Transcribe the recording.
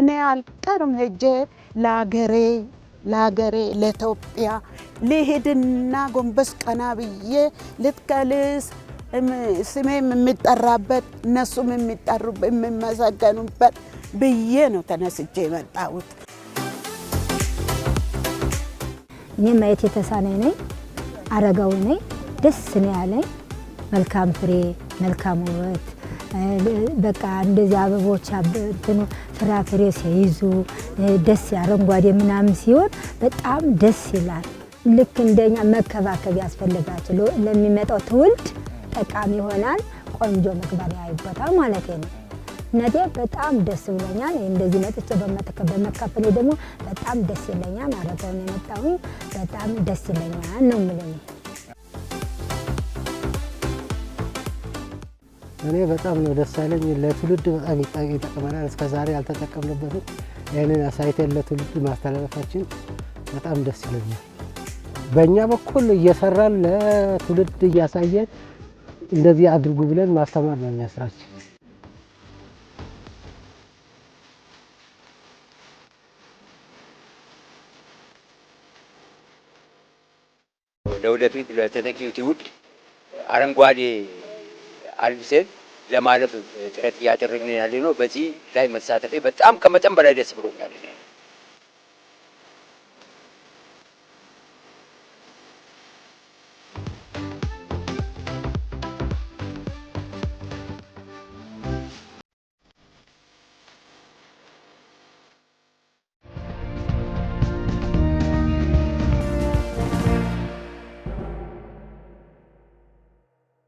እኔ አልቀርም ሄጄ ለአገሬ ለሀገሬ ለኢትዮጵያ ልሄድና ጎንበስ ቀና ብዬ ልትከልስ ስሜም የሚጠራበት እነሱም የሚጠሩ የሚመሰገኑበት ብዬ ነው ተነስቼ የመጣሁት። እኔ ማየት የተሳነኝ ነኝ፣ አረጋዊ ነኝ። ደስ ነው ያለኝ መልካም ፍሬ፣ መልካም ውበት በቃ እንደዚህ አበቦች እንትኑ ፍራፍሬ ሲይዙ ደስ አረንጓዴ ምናምን ሲሆን በጣም ደስ ይላል። ልክ እንደኛ መከባከብ ያስፈልጋቸው ለሚመጣው ትውልድ ጠቃሚ ይሆናል። ቆንጆ መግባቢያ ይቦታል ማለት ነው። እነቴ በጣም ደስ ብሎኛል። እንደዚህ መጥቼ በመካፈል ደግሞ በጣም ደስ ይለኛል። አረገውን የመጣሁኝ በጣም ደስ ይለኛል ነው የምልህ። እኔ በጣም ነው ደስ ያለኝ። ለትውልድ በጣም ይጠቅመናል። እስከዛሬ አልተጠቀምንበትም። ይህንን አሳይተን ለትውልድ ማስተላለፋችን በጣም ደስ ይለኛል። በእኛ በኩል እየሰራን ለትውልድ እያሳየን እንደዚህ አድርጉ ብለን ማስተማር ነው የሚያስራችን። ለወደፊት ለተተኪው ትውልድ አረንጓዴ አልብሰን ለማለፍ ጥረት እያደረግን ያለ ነው። በዚህ ላይ መሳተፌ በጣም ከመጠን በላይ ደስ ብሎኛል።